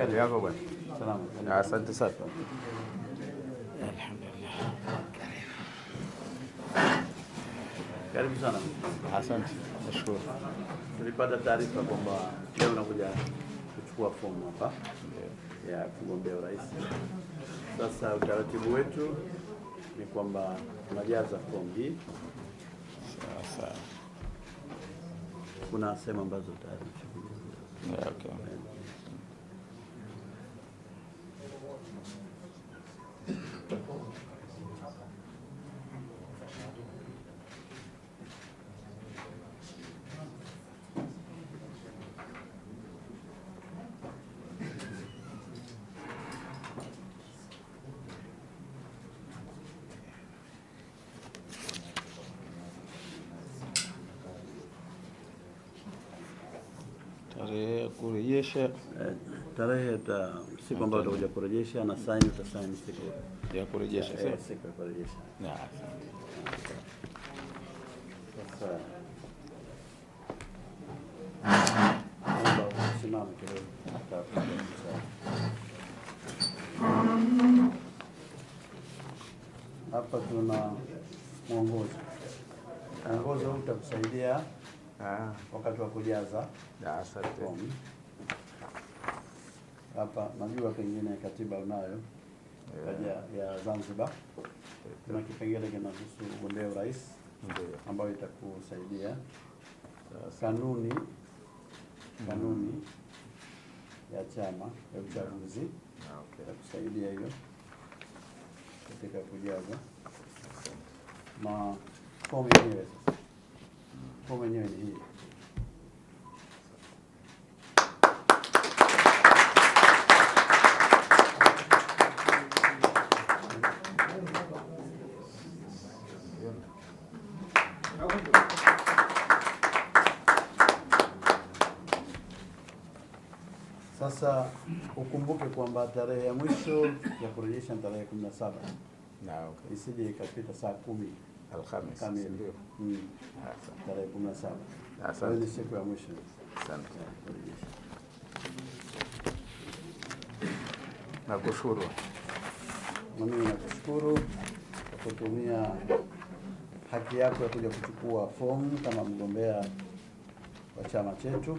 kazi yako bwana. Salama. Asante sana. Karibu sana. Asante. Nashukuru. Tulipata taarifa kwamba leo unakuja kuchukua fomu hapa ya kugombea urais. Sasa utaratibu wetu ni kwamba unajaza fomu hii. Sasa kuna sehemu ambazo tayari Okay. Eh. tarehe kurejesha eh, tarehe ta siku ambayo utakuja kurejesha na uta sign siku ya kurejesha eh, sasa. Siku ya kurejesha sasa, hapa, tuna mwongozo. Mwongozo huu utakusaidia Ah, wakati wa kujaza fomu hapa. Najua pengine katiba unayo ya, eh. ya Zanzibar kuna eh. kipengele kinahusu ugombea urais ambayo itakusaidia kanuni mm-hmm. kanuni ya chama ya uchaguzi ah, okay. itakusaidia hiyo katika kujaza fomu yenyewe sasa kwa mwenyewe ni hii. Sasa ukumbuke kwamba tarehe ya mwisho ya kurejesha tarehe kumi na saba. Nah, okay. Isije ikapita saa kumi. Mm. Siku ya Nakushukuru. Mimi nakushukuru kwa kutumia haki yako ya kuja kuchukua fomu kama mgombea wa chama chetu.